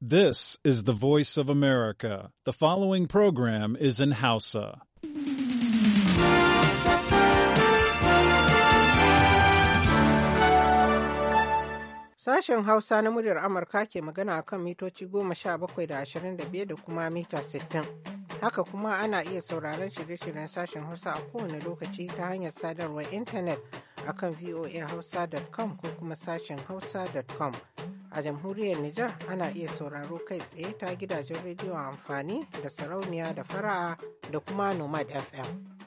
This is the voice of America. The following program is in Hausa. Sashen Hausa na muryar Amurka ke magana kan mitoci goma sha bakwai da ashirin da biyar da kuma mita sittin. Haka kuma ana iya sauraron shirye-shiryen sashen Hausa a kowane lokaci ta hanyar sadarwar intanet a kan voahausa.com ko kuma sashen hausa.com. A jamhuriyar Nijar ana iya sauraro kai tsaye ta gidajen rediyo amfani da sarauniya da fara'a da kuma Nomad FM.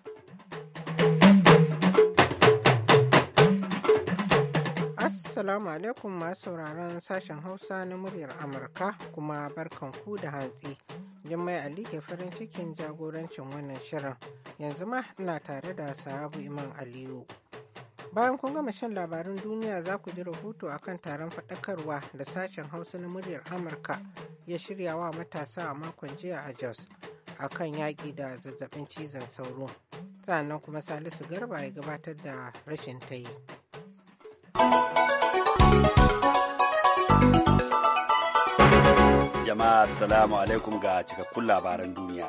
Assalamu alaikum masu sauraron sashen Hausa na muryar Amurka kuma barkanku da hantsi. Jummai Ali ke farin cikin jagorancin wannan shirin. Yanzu ma ina tare da sahabu iman Aliyu. Bayan kun gama shan labarin duniya za ku ji rahoto akan taron faɗakarwa da sashen Hausa na muryar Amurka ya shirya wa matasa a makon jiya a Jos akan yaƙi da zazzaɓin cizon sauro. Sannan kuma Salisu Garba ya gabatar da rashin tayi. jama'a assalamu alaikum ga cikakkun labaran duniya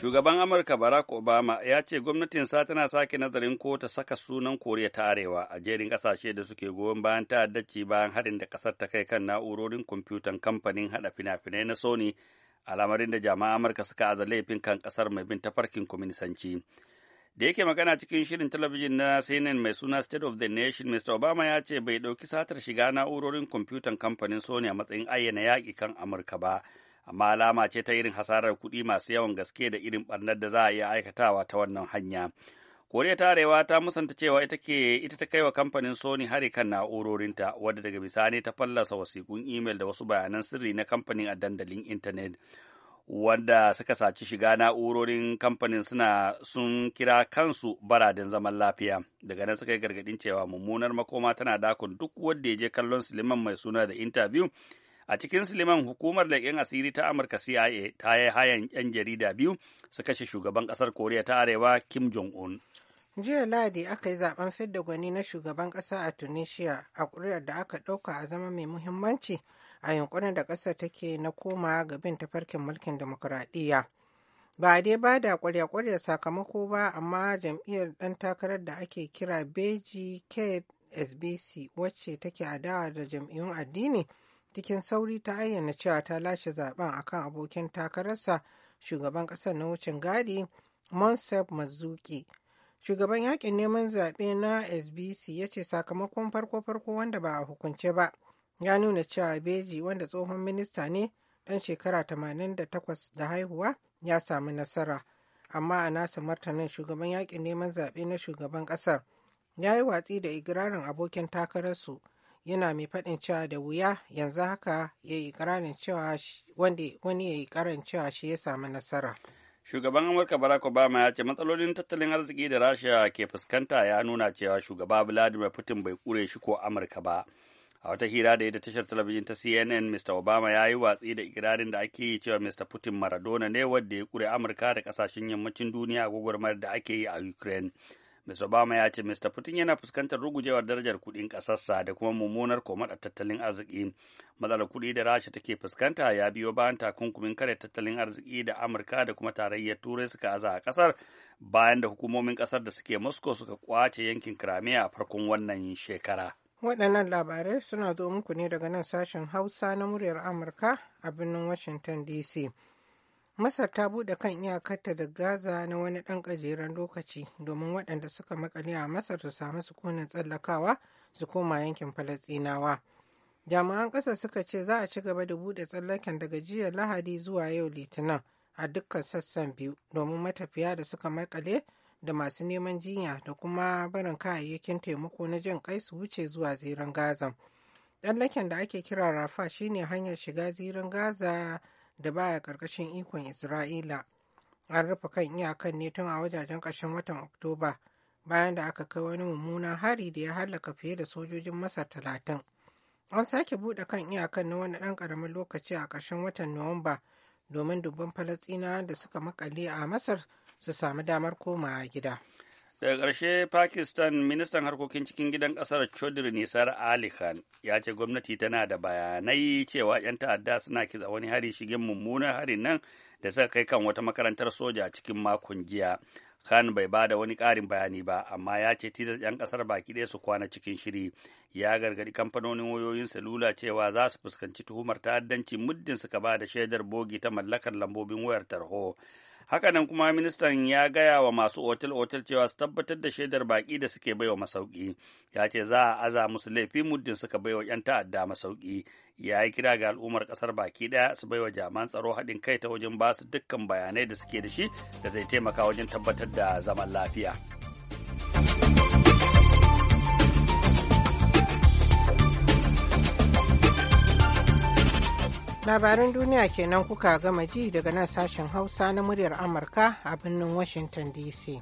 shugaban amurka barack obama ya ce gwamnatin gwamnatinsa tana sake nazarin ko ta saka sunan koriya ta arewa a jerin kasashe da suke goyon bayan ta'addaci bayan harin da kasar ta kai kan na'urorin kwamfutan kamfanin hada fina-finai na sony al'amarin da jama'a amurka suka aza laifin kan kasar mai bin tafarkin kwaminisanci. da yake magana cikin shirin talabijin na CNN mai suna State of the Nation, Mr. Obama ya ce bai ɗauki satar shiga na'urorin kwamfutan kamfanin Sony a matsayin ayyana yaƙi kan Amurka ba, amma alama ce ta irin hasarar kuɗi masu yawan gaske da irin ɓarnar da za a iya aikatawa ta wannan hanya. Koriya ta Arewa ta musanta cewa ita ke ita ta kaiwa kamfanin Sony hari kan na'urorinta, wadda daga bisani ta fallasa wasiƙun imel da wasu bayanan sirri na kamfanin a dandalin intanet. wanda suka saci shiga na'urorin kamfanin suna sun kira kansu baradin zaman lafiya daga nan suka yi gargadin cewa mummunar makoma tana dakon duk wanda ya je kallon siliman mai suna da interview a cikin siliman hukumar leƙen asiri ta amurka cia ta yi hayan yan jarida biyu su kashe shugaban ƙasar koriya ta arewa kim jong-un jiya ladi aka yi zaben fidda gwani na shugaban ƙasa a tunisia a ƙuri'ar da aka ɗauka a zama mai muhimmanci a yunkurin da ƙasa take na koma ga bin tafarkin mulkin demokuraɗiyya. Ba a dai ba da ƙwarya-ƙwarya sakamako ba amma jam'iyyar ɗan takarar da ake kira Beji Kate SBC wacce take adawa da jam'iyyun addini cikin sauri ta ayyana cewa ta lashe zaben akan abokin takararsa shugaban ƙasar na wucin gadi Monsef Mazuki. Shugaban yaƙin neman zaɓe na SBC ya ce sakamakon farko-farko wanda ba a hukunce ba ya nuna cewa beji wanda tsohon minista ne dan shekara 88 da haihuwa ya samu nasara amma a nasa martanin shugaban yakin neman zaɓe na shugaban ƙasar ya yi watsi da igirarin abokin takararsu yana mai faɗin cewa da wuya yanzu haka ya yi ƙararin cewa wani ya yi ƙarin cewa shi ya samu nasara shugaban amurka barack obama ya ce matsalolin tattalin arziki da rasha ke fuskanta ya nuna cewa shugaba vladimir putin bai ƙure shi ko amurka ba a wata hira da ya da tashar talabijin ta cnn mr obama ya yi watsi da ikirarin da ake yi cewa mr putin maradona ne wadda ya kure amurka da kasashen yammacin duniya a gwagwarmar da ake yi a ukraine Mr. Obama ya ce Mr. Putin yana fuskantar rugujewar darajar kuɗin kasarsa da kuma mummunar komar tattalin arziki. Matsalar kuɗi da Rasha take fuskanta ya biyo bayan takunkumin kare tattalin arziki da Amurka da kuma tarayyar Turai suka aza a kasar bayan da hukumomin kasar da suke Moscow suka kwace yankin Crimea a farkon wannan shekara. waɗannan labarai suna zo muku ne daga nan sashen hausa na muryar amurka a birnin washington dc masar ta buɗe kan iyakarta da gaza na wani ɗan ƙajeren lokaci domin waɗanda suka makale a masar su samu sukunin tsallakawa su koma yankin Falasinawa. jami'an ƙasa suka ce za a ci gaba da buɗe tsallaken daga jiya lahadi zuwa yau litinin a dukkan sassan biyu domin matafiya da suka makale da masu neman jinya da kuma barin kayayyakin taimako na jin kai su wuce zuwa zirin gaza tsallaken da ake kira rafa shine hanyar shiga zirin gaza da baya karkashin ikon isra'ila an rufe kan iyakan ne tun a wajajen ƙarshen watan oktoba bayan da aka kai wani mummunan hari da ya hallaka fiye da sojojin masa talatin an sake buɗe kan iyakan na wani ɗan ƙaramin lokaci a ƙarshen watan nuwamba domin dubban falasɗinawa da suka makale a masar su sami damar koma gida daga ƙarshe pakistan ministan harkokin cikin gidan ƙasar chaudhry nisar ali khan ya ce gwamnati tana da bayanai cewa 'yan ta'adda suna kitsa wani hari shigen mummunan harin nan da suka kai kan wata makarantar soja a cikin makon jiya Khan bai ba da wani ƙarin bayani ba, amma ya ce tilas 'yan ƙasar baki ɗaya su kwana cikin shiri. Ya gargaɗi kamfanonin wayoyin salula cewa za su fuskanci tuhumar ta'addanci muddin suka ba da shaidar bogi ta mallakar lambobin wayar tarho. hakanan kuma ministan ya gaya wa masu otal-otal cewa su tabbatar da shaidar baƙi da suke baiwa masauki ya ce za a aza musu laifi muddin suka baiwa 'yan ta'adda masauki ya yi kira ga al'ummar ƙasar baki ɗaya su baiwa jami'an tsaro haɗin kai ta wajen basu dukkan bayanai da suke da shi da zai taimaka wajen tabbatar da zaman lafiya. labaran duniya kenan kuka gama ji daga nan sashen hausa na muryar amurka a birnin washington dc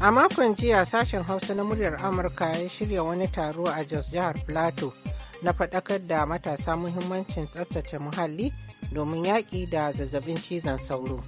a makon jiya sashen hausa na muryar amurka ya shirya wani taro a jos jihar plateau na faɗakar da matasa muhimmancin tsaftace muhalli domin yaƙi da zazzabin cizon sauro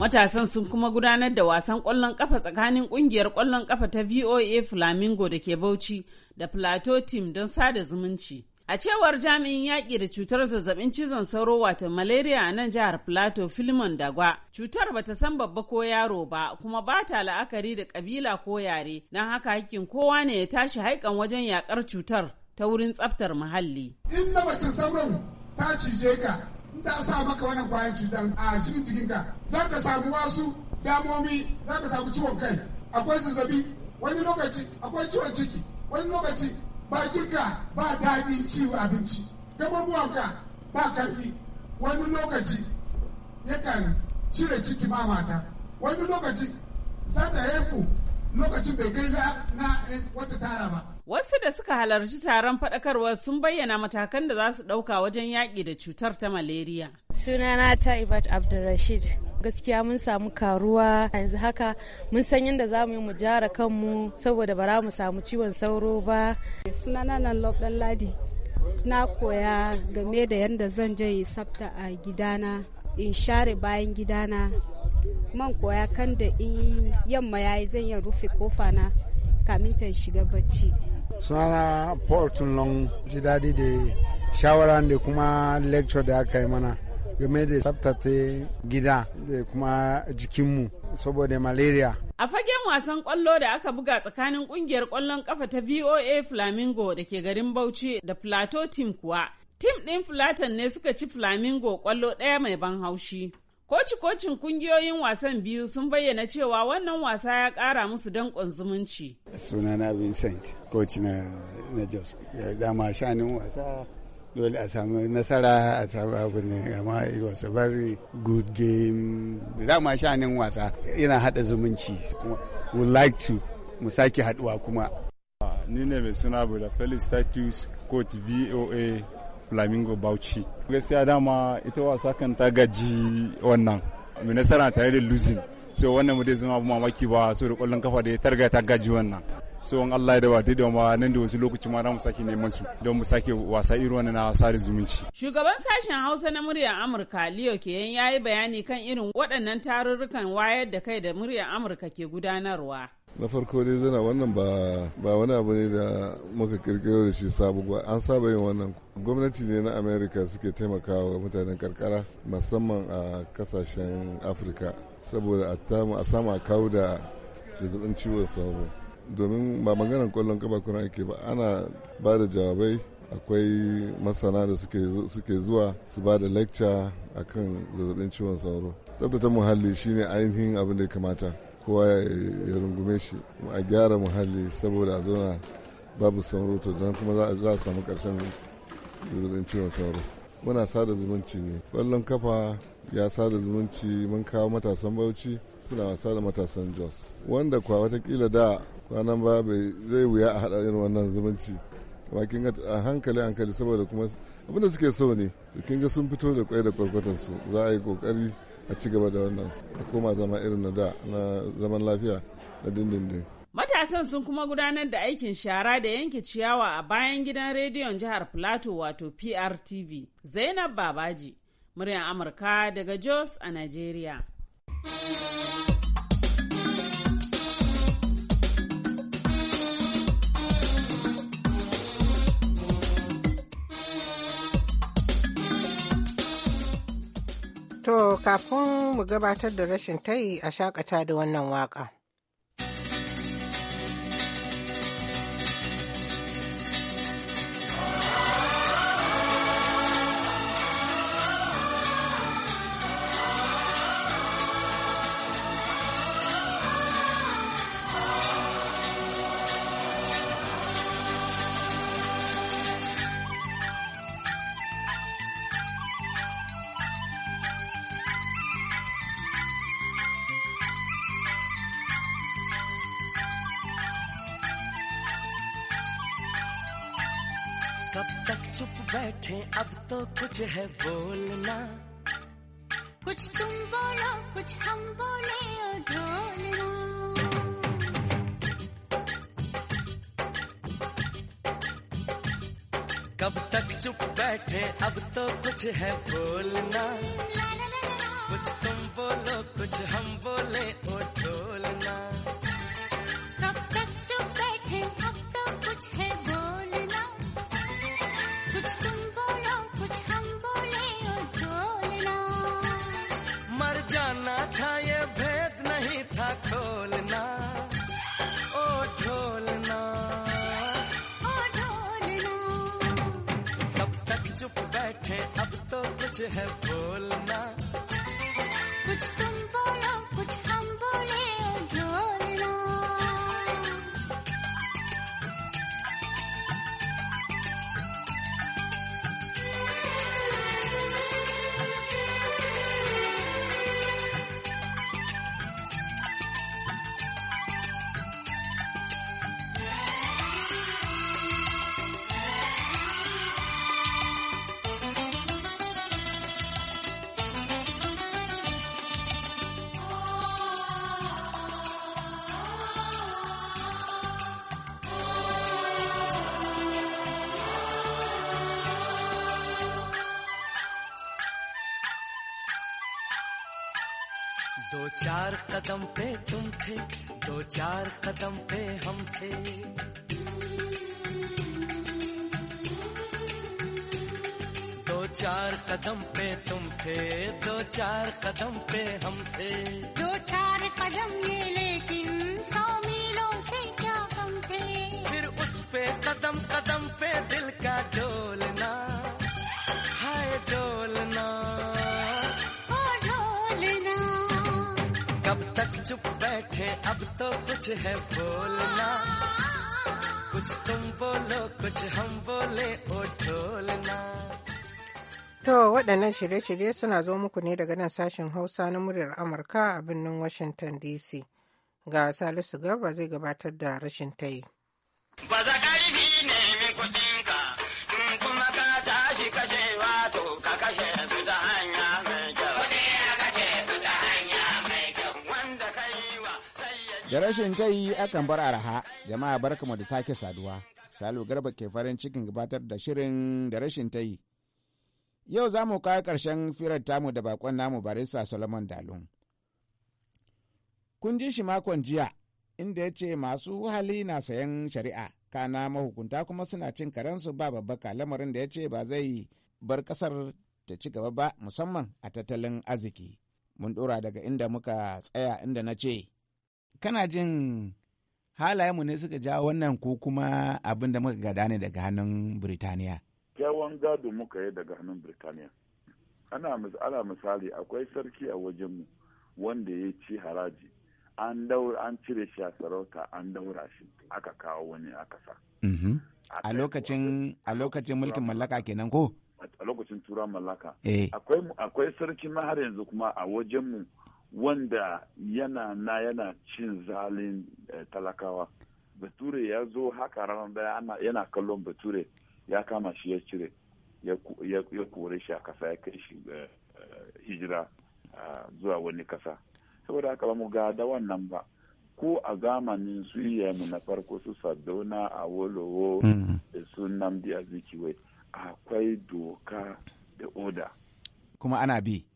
Matasan sun kuma gudanar da wasan kwallon kafa tsakanin ƙungiyar kwallon kafa ta VOA Flamingo da ke Bauchi da Plateau Team don sada zumunci. A cewar jami'in yaƙi da cutar zazzabin cizon sauro wato malaria a nan jihar Plateau Filimon Dagwa, cutar bata san babba ko yaro ba kuma ba ta la'akari da ƙabila ko yare, don haka hakkin kowa ne ya tashi haikan wajen yaƙar cutar ta wurin tsaftar muhalli. In na mace sauran ta cije ka, da sa maka wannan kwayan cutar a cikin jikinka za ka samu wasu damomi za ka samu ciwon kai akwai zazzabi wani lokaci akwai ciwon ciki wani lokaci bakinka ba daɗi ciwo abinci ka ba karfi wani lokaci yakan cire ciki ma mata wani lokaci za ta haifu lokacin bai kai na eh, wata tara ba Wasu da suka halarci taron faɗakarwa sun bayyana matakan da za su ɗauka wajen yaƙi da cutar ta malaria. Sunana ta Ibad Abdulrashid. Gaskiya mun samu karuwa yanzu haka mun san yadda za mu yi mu jara kanmu saboda bara mu samu ciwon sauro ba. Sunana nan Lokɗan Ladi. Na koya game da yadda zan je yi sabta a gidana, in share bayan gidana. Man koya kan da in yamma yayi zan yi rufe kofa na kamin ta shiga bacci. sunana paul tunlong ji daɗi da shawara da kuma lecture da aka yi mana game da tsabtace gida da kuma jikinmu saboda malaria a fagen wasan kwallo da aka buga tsakanin kungiyar kwallon kafa ta voa flamingo da ke garin bauchi da plateau team kuwa tim ɗin flaton ne suka ci Flamingo kwallo ɗaya mai ban haushi. Koci-kocin kungiyoyin wasan biyu sun bayyana cewa wannan wasa ya ƙara musu danƙon zumunci. Sunana Vincent, koci na, na Jos. Dama shanin wasa dole a samu nasara a samu abin amma it was a very good game. Dama shanin wasa yana haɗa zumunci. Would like to mu sake haɗuwa kuma. Ni ne mai suna Bula Felix Status, coach VOA flamingo bauchi gaskiya dama ita wasa kan ta gaji wannan mai nasara tare da losing so wannan mu dai zama abu mamaki ba so da kwallon kafa da ya targa ta gaji wannan so in Allah ya daba dai da ma nan da wasu lokaci ma za mu sake neman su don mu sake wasa irin wannan na sare zumunci. Shugaban sashen Hausa na muryar Amurka Leo Keyan ya yi bayani kan irin waɗannan tarurrukan wayar da kai da muryar Amurka ke gudanarwa. na farko dai zana wannan ba wani abu ne da muka kirkiro da shi sabu ba an saba yin wannan gwamnati ne na america suke taimakawa mutanen karkara musamman a kasashen afirka saboda a samu a kawo da zazzabin ciwon sauro domin ba maganar kwallon kaba kuna ake ba ana ba da jawabai akwai masana da suke zuwa su ba da lecture akan zazzabin ciwon sauro tsabtata muhalli shine ainihin abin da ya kamata kowa ya rungume shi a gyara muhalli saboda a zauna babu sauro to don kuma za a samu karshen zazzabin ciwon sauro muna sada zumunci ne ƙwallon kafa ya sada zumunci mun kawo matasan bauchi suna wasa da matasan jos wanda kwa watakila da kwanan ba zai wuya a haɗa irin wannan zumunci amma kin a hankali hankali saboda kuma abinda suke so ne kin ga sun fito da kwai da kwarkwatan za a yi kokari a ci gaba da wannan a koma zama irin na da na zaman lafiya na dindindin. Matasan sun kuma gudanar da aikin shara da yanke ciyawa a bayan gidan rediyon jihar Plateau wato PRTV. Zainab Babaji, muryar Amurka daga Jos a nigeria. To kafin mu gabatar da rashin ta'i a shakata da wannan waka. बैठे अब तो कुछ है बोलना कुछ तुम बोलो कुछ हम बोले कब तक चुप बैठे अब तो कुछ है बोलना have चार कदम पे तुम थे दो चार कदम पे हम थे दो चार कदम पे तुम थे दो चार कदम पे हम थे है बोलना कुछ तुम बोलो कुछ हम बोले ओ ढोलना To waɗannan shirye-shirye suna zo muku ne daga nan sashen Hausa na muryar Amurka a birnin Washington DC. Ga Salisu Garba zai gabatar da rashin tayi. Ba za Da rashin ta yi akan bar araha, jama'a barkamu da sake saduwa. salu Garba ke farin cikin gabatar da shirin da rashin ta yi. Yau za mu kawo ƙarshen firar tamu da bakon namu barista Solomon Dalun. Kun ji shi makon jiya, inda ya ce masu hali na sayan shari'a, kana mahukunta kuma suna cin karensu ba babbaka lamarin da ya ce ba zai bar ƙasar ta ci gaba ba musamman a tattalin arziki. Mun ɗora daga inda muka tsaya inda na ce, kana jin mu ne suka ja wannan ko kuma abin da muka gada ne daga hannun Birtaniya? Jawon gado muka yi daga hannun Birtaniya. Ana ala misali akwai sarki a wajenmu wanda ya ci haraji. An cire shi a sarauta an daura shi aka kawo wani aka sa. Mm-hmm. A lokacin a lokacin mulkin mallaka kenan ko? A lokacin tura mallaka. Eh. Akwai sarki ma har yanzu kuma a wajenmu wanda yana na yana cin zalin eh, talakawa bature ya zo haka ranar daya yana kallon bature ya kama shi ya cire ya kore shi a kasa ya kai shi eh, eh, hijira zuwa wani kasa saboda haka ba mu ga da wannan ba ko a zamanin su mu na farko su sadona a wolowo mm. da su namdi azikiwe akwai doka da oda kuma ana bi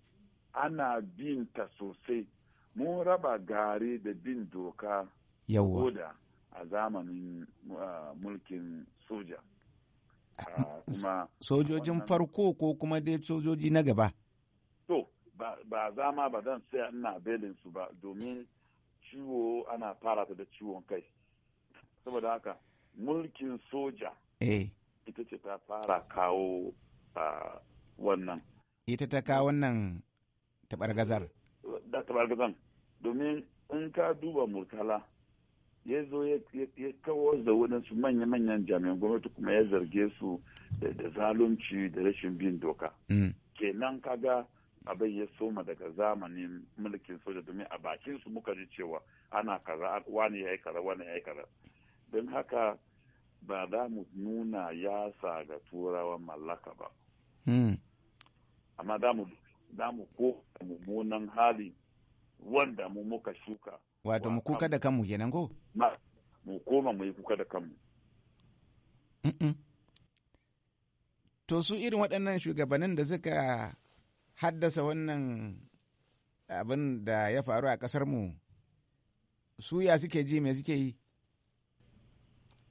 ana bin ta sosai mun raba gari da bin doka yawa a zamanin ah, mulkin soja ah, ah, kuma sojojin farko ko kuma dai sojoji na gaba to ba zama ba zan sai ina belin su ba domin ciwo ana fara ta da ciwon kai saboda haka mulkin soja eh. ita ce ta fara kawo wannan ita ta kawo wannan tabargazar da tabargazan domin in ka duba murtala ya zo ya kawo da waɗansu manya-manyan jami'an gwamnati kuma ya zarge su da zalunci da rashin bin doka mm. kenan kaga abin ya soma daga zamanin mulkin soja domin a bakin su muka ji cewa ana kaza wani ya yi kaza wani ya yi kaza don haka ba za mu nuna yasa ga turawan mallaka ba mm. amma za mu za mu ko mummunan hali wanda mu muka shuka. Wato mu kuka da kanmu kenan ko? mu koma mu yi kuka da kanmu. To su irin waɗannan shugabannin da suka haddasa wannan abin da ya faru a ƙasarmu su ya suke ji me suke yi?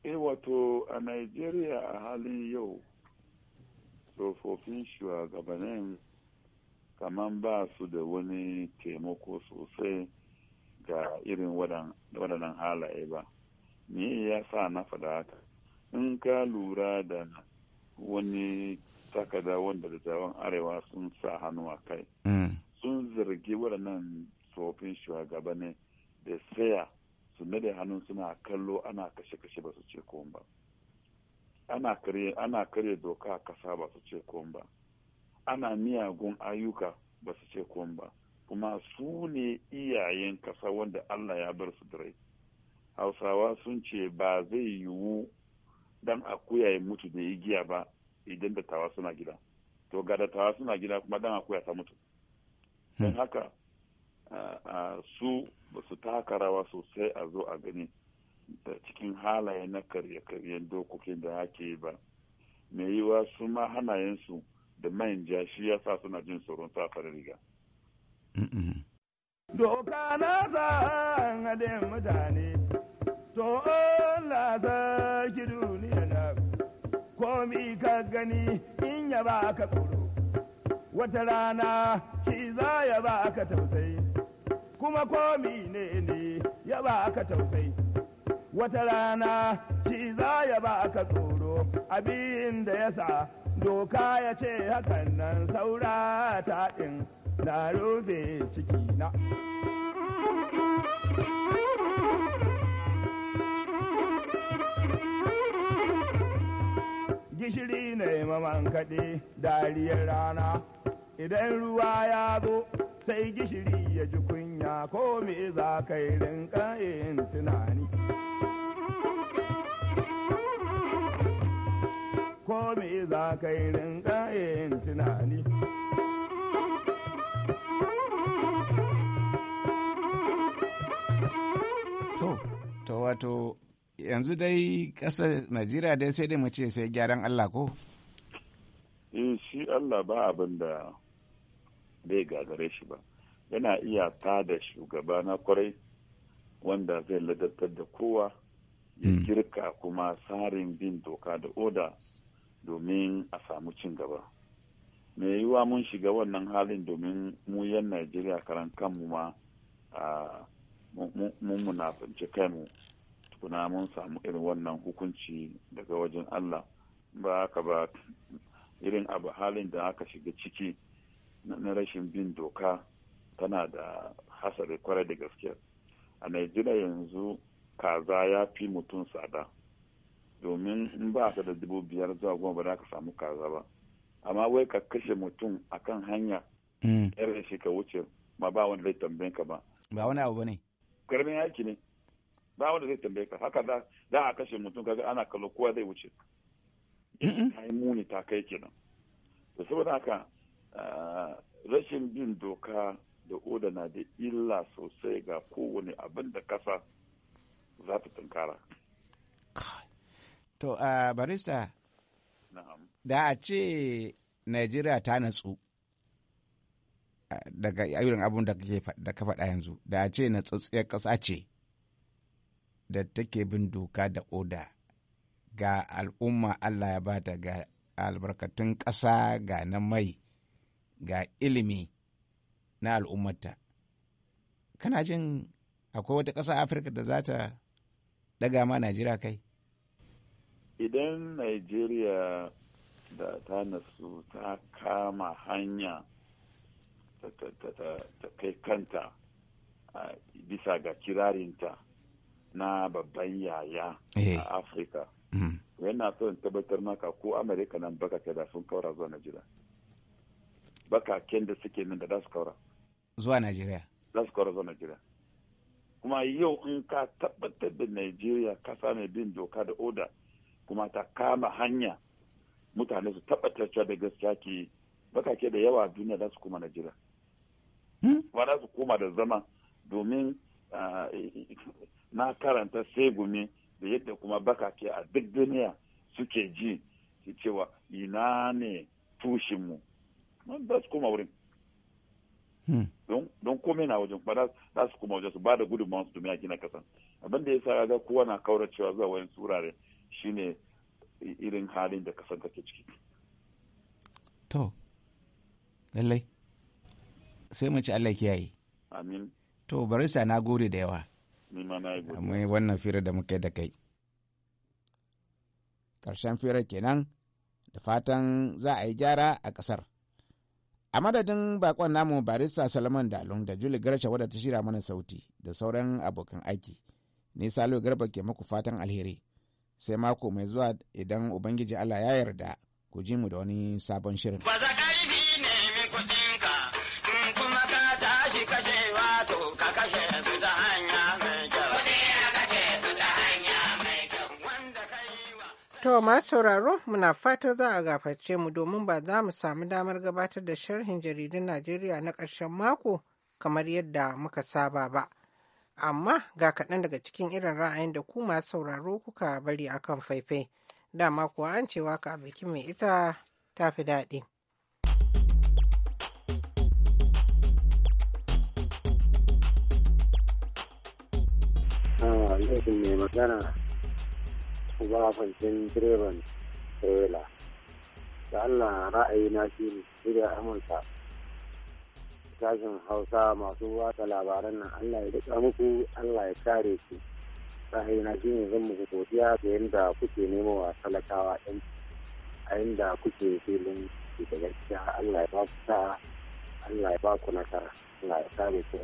E wato a Najeriya a halin yau tsofaffin shugabannin kamar ba su da wani taimako sosai ga irin waɗannan halaye ba me ya sa na faɗa haka in ka lura da wani takada wanda dattawan arewa sun sa hannu a kai mm. sun zargi waɗannan tsofin shugabanni da saya su da hannun suna kallo ana kashe-kashe ba su ce ba ana karya doka a kasa ba su ce ba ana miyagun ayyuka ba su ce komai ba kuma su ne iyayen kasa wanda Allah ya bar su rai hausawa sun ce ba zai yiwu dan akuya ya mutu da igiya ba idan da tawa suna gida to ga da tawa suna gida kuma dan akuya ta mutu don hmm. haka su ba su taka rawa sosai a zo a gani da cikin halaye na karye-karyen dokokin da ake yi ba mai yiwa su ma hanayensu da manja shi ya sa suna jin tsoron safar riga. Doka na sa haɗin mutane, to za ki duniya na komi ka gani in ya ba ka tsoro. Wata rana shi za ya ba ka tausayi, kuma komi ne ne ya ba ka tausayi. Wata rana shi za ya ba ka tsoro abin da ya sa doka ya ce hakan nan saura ta ɗin na rufe ciki na. Gishiri ne maman kaɗe dariyar rana, idan ruwa ya zo sai gishiri ya ji kunya ko me za ka yi rinƙa yin tunani. ko me za ka yi rinka yin tunani. To, to wato yanzu dai ƙasar Najeriya dai sai dai mu ce sai gyaran Allah ko? Eh shi Allah ba abin da bai gagare shi ba. Yana iya tada shugaba na kwarai wanda zai ladabtar da kowa ya hmm. girka kuma tsarin bin doka da oda domin a samu cin gaba mai yiwuwa mun shiga wannan halin domin mu yan najeriya karan kanmu ma mun munafince mu tukuna mun samu irin wannan hukunci daga wajen allah ba haka ba irin abu halin da aka shiga ciki na rashin bin doka tana da hasari kwarai da gaske a najeriya yanzu kaza ya fi mutum tsada domin in ba ka da dubu biyar zuwa goma ba za ka samu kaza ba amma wai ka kashe mutum akan hanya hmm. yar shi ka wuce ma ba wanda zai tambaye ka ba ba wani abu bane karamin yaki ne ba wanda zai tambaye ka haka da da a kashe mutum kaga ana kallo kowa zai wuce ai muni ta kai kenan to saboda haka ah, rashin bin doka da oda na da illa sosai ga kowane abin da kasa za ta tunkara To, uh, barista, da a ce Najeriya ta natsu daga irin abun da ka faɗa yanzu, da a ce natsatsiyar ƙasa ce da take bin doka da oda ga al'umma Allah ya ba ta, ga albarkatun ƙasa ga na mai ga ilimi na al'ummata. Kana jin akwai wata ƙasa Afirka da za ta ɗaga ma Najeriya kai? idan nigeria da ta nasu ta kama hanya ta kai kanta bisa ga kirarinta na babban yaya a eh. afirka yana mm. so in tabbatar maka ko amerika nan baka ke da sun kaura zuwa najeriya ken da suke nan da za su kaura zuwa najeriya za su kaura zuwa najeriya kuma yau in ka tabbatar da najeriya kasa mai bin doka da oda kuma ta kama hanya mutane su tabbatar da gaskiya ke bakake da yawa duniya za su koma jira. Hmm? Ba za su koma da zama domin na karanta sai gumi da yadda kuma bakake a duk duniya suke ji su cewa ina ne tushinmu ba su koma wurin hmm. don kome na wajen ba za su koma wajen su ba da gudunmawansu domin a gina kasan abin da ya sa ga kowa na cewa zuwa wayan surare shine irin halin da kasar take ciki to lallai sai mu ci Allah kiyaye amin to barista na gode da yawa Nima na gode amma wannan fira da muke da kai karshen firar kenan da fatan za a yi gyara a kasar a madadin bakon namu barista Salman dalun da juli garsha wadda ta shira mana sauti da sauran abokan aiki ne salo garba ke muku fatan alheri sai mako mai zuwa idan ubangiji allah ya yarda ku ji mu da wani sabon shirin To ma sauraro muna fata za a gafarce mu domin ba za mu samu damar gabatar da sharhin jaridun Najeriya na ƙarshen mako kamar yadda muka saba ba. amma ga kaɗan daga cikin irin ra'ayin da ku masu sauraro kuka bari akan faifai dama kuwa an cewa ka biki mai ita ta fi daɗi. Ah, yau mai magana ba fancin direban trailer da Allah ra'ayi na shi ne, Amurka sashen hausa masu watsa labaran nan allah ya rika muku allah ya kare ku sahina shi ne zan muku godiya da yadda kuke nemo wa talakawa yan a yadda kuke filin da gaskiya allah ya ba ku sa'a allah ya ba ku nasara allah ya kare ku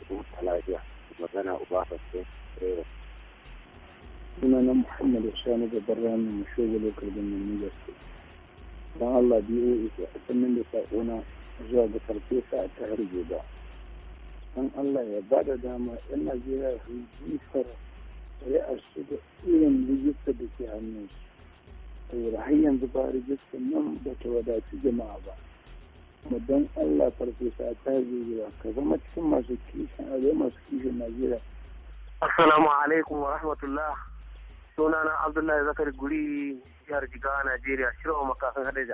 da ku lafiya magana uba fasfe eh. rewa sunana muhammad sani barra ramin mashogalo karbin nan niger gaske don allah biyu ku a sannan da saƙona zuwa ga farfesa a ta harbe ba don allah ya ba da dama yan najeriya su jifar kuri'ar su da irin rijista da ke hannun su har yanzu ba rijista nan ba ta wadaci jama'a ba kuma don allah farfesa a ta harbe ka zama cikin masu kishin a masu kishin najeriya Assalamu alaikum wa rahmatullah. Sunana Abdullahi Zakari Guri, jihar Jigawa, Najeriya, shirwa makasan Hadeja.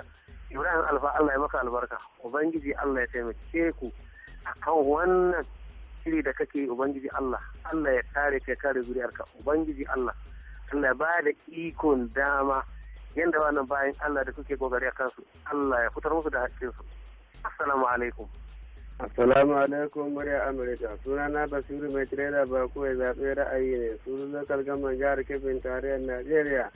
Ibrahim Alfa Allah ya maka albarka Ubangiji Allah ya taimake ku akan wannan shiri da kake Ubangiji Allah Allah ya kare ka kare zuriyarka Ubangiji Allah Allah ba da ikon dama yadda wannan bayan Allah da kuke gogari a kansu Allah ya fitar musu da haƙƙinsu Assalamu alaikum Assalamu alaikum murya Amurka sunana Basiru mai tirela ba kawai zaɓe ra'ayi ne sunan lokal gama jihar Kebbi tarayyar Najeriya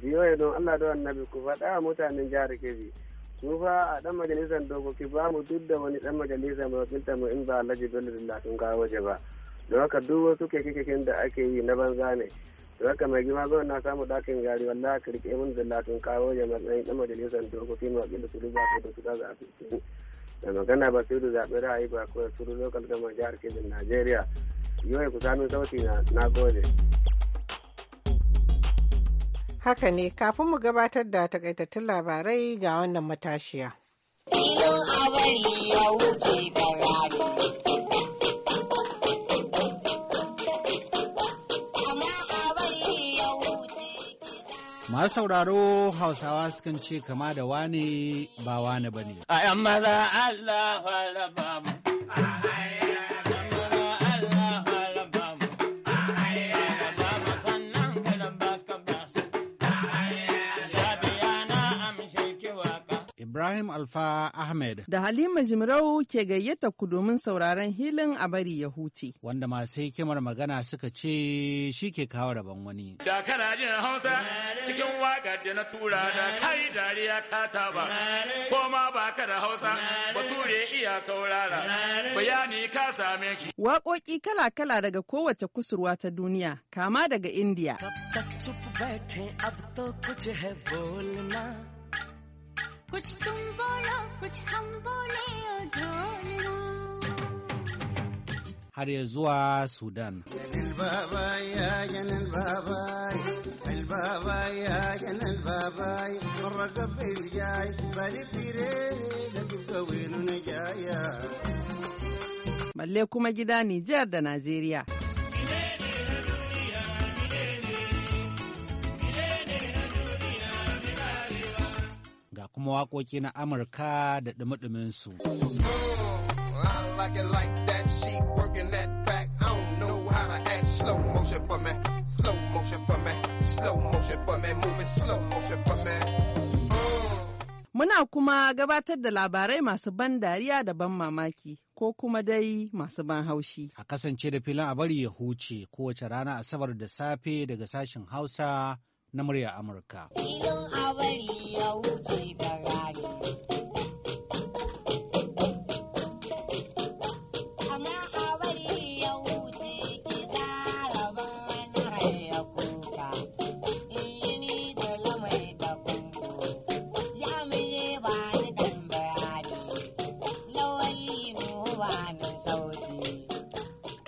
biyo don Allah da annabi ku faɗa mutanen jihar Kebbi mu fa a ɗan majalisar dokoki ba mu duk da wani ɗan majalisa mai wakilta mu in ba alhaji bello da sun kawo waje ba don haka duk wasu keke da ake yi na banza ne don haka mai gima zo na samu dakin gari wallah ka rike mun da latin kawo waje matsayin ɗan majalisar dokoki mai wakilta su duba ko da su a da magana ba su da zaɓi ra'ayi ba ko su lokal gama jihar kebbi najeriya yau ku sami sauti na gode. Haka ne kafin mu gabatar da takaitattun labarai ga wannan matashiya. Masu sauraro Hausawa sukan ce kama da wane ba wane ba ne. A ‘yan maza Allah ba mu. Ibrahim Alfa Ahmed. Da Halima Jimrau ke gayyata ku domin sauraron hilin a bari ya huce. Wanda masu hikimar magana suka ce shi ke kawo rabon wani. Da kana jin Hausa cikin waka da na tura da kai dariya ka taba. Ko ma ba ka da Hausa bature iya saurara. Bayani ka same shi. Waƙoƙi kala-kala daga kowace kusurwa ta duniya kama daga Indiya. कुछ तुम बोलो कुछ हम बोले Har ya zuwa Sudan. Malle kuma gida Nijar da Najeriya. kuma waƙoƙi na Amurka da ɗumi su. Oh, oh. Muna kuma gabatar da labarai masu ban dariya da ban mamaki ko kuma dai masu ban haushi. A kasance da filin a bari ya huce kowace rana Asabar da safe daga sashen Hausa na murya Amurka. Filin a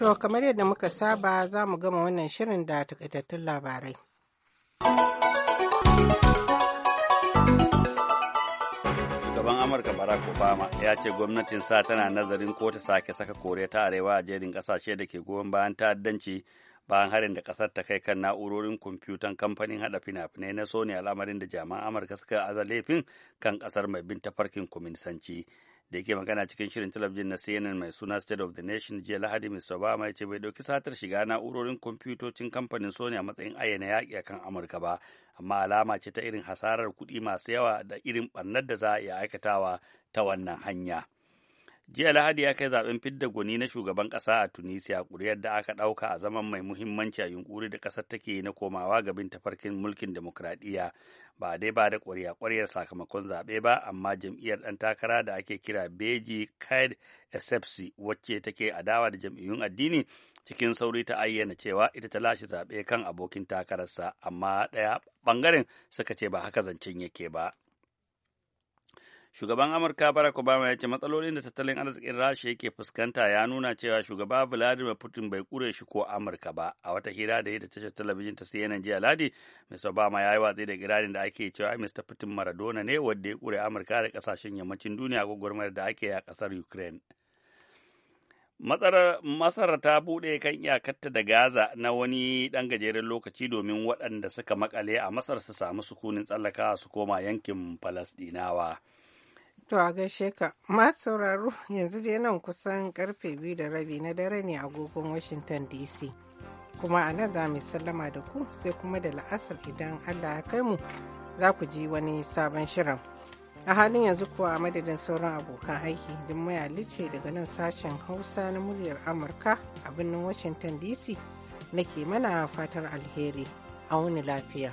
To kamar yadda muka saba za mu gama wannan shirin da takaitattun labarai. Shugaban Amurka Barack Obama ya ce gwamnatin sa tana nazarin ko ta sake saka kore ta Arewa a jerin kasashe da ke goyon bayan ta'addanci bayan harin da kasar ta kai kan na'urorin kwamfutan kamfanin hada fina-finai na Sony al'amarin da jami'an Amurka suka aza laifin kan kasar mai bin tafarkin kuminsanci. da yake magana cikin shirin talabijin na CNN mai suna State of the Nation jiya Lahadi Mr. Obama ya ce bai ɗauki satar shiga na'urorin kwamfutocin kamfanin Sony a matsayin ayyana yaƙi a kan Amurka ba, amma alama ce ta irin hasarar kuɗi masu yawa da irin ɓarnar da za a iya aikatawa ta wannan hanya. jiya lahadi ya kai zaben fidda gwani na shugaban kasa a tunisia ƙuriyar da aka ɗauka a zaman mai muhimmanci a yunkuri da ƙasar take na komawa gabin tafarkin mulkin demokradiyya ba dai ba da ƙwarya ƙwariyar sakamakon zaɓe ba amma jam'iyyar ɗan takara da ake kira beji kaid esepsi wacce take adawa da jam'iyyun addini cikin sauri ta ayyana cewa ita ta lashe zaɓe kan abokin takararsa amma ɗaya ɓangaren suka ce ba haka zancen yake ba shugaban amurka barack obama ya ce matsalolin da tattalin arzikin rasha yake fuskanta ya nuna cewa shugaba vladimir putin bai kure shi ko amurka ba a wata hira da ya da tashar talabijin ta cnn jiya ladi mr obama ya yi watsi da girarin da ake cewa mr putin maradona ne wanda ya kure amurka da kasashen yammacin duniya gwagwarmayar da ake a kasar ukraine Masar ta buɗe kan iyakarta da Gaza na wani ɗan gajeren lokaci domin waɗanda suka makale a Masar su samu sukunin tsallaka su koma yankin Falasɗinawa. To a gaishe ka, masu sauraro yanzu dai nan kusan karfe biyu da rabi na dare ne agogon Washington DC. Kuma a nan za mu sallama da ku sai kuma da la'asar idan Allah ya kai mu za ku ji wani sabon shirin. A halin yanzu kuwa a madadin sauran abokan aiki Jummaya Lice daga nan sashen Hausa na muryar Amurka a birnin Washington DC nake mana fatar alheri a wani lafiya.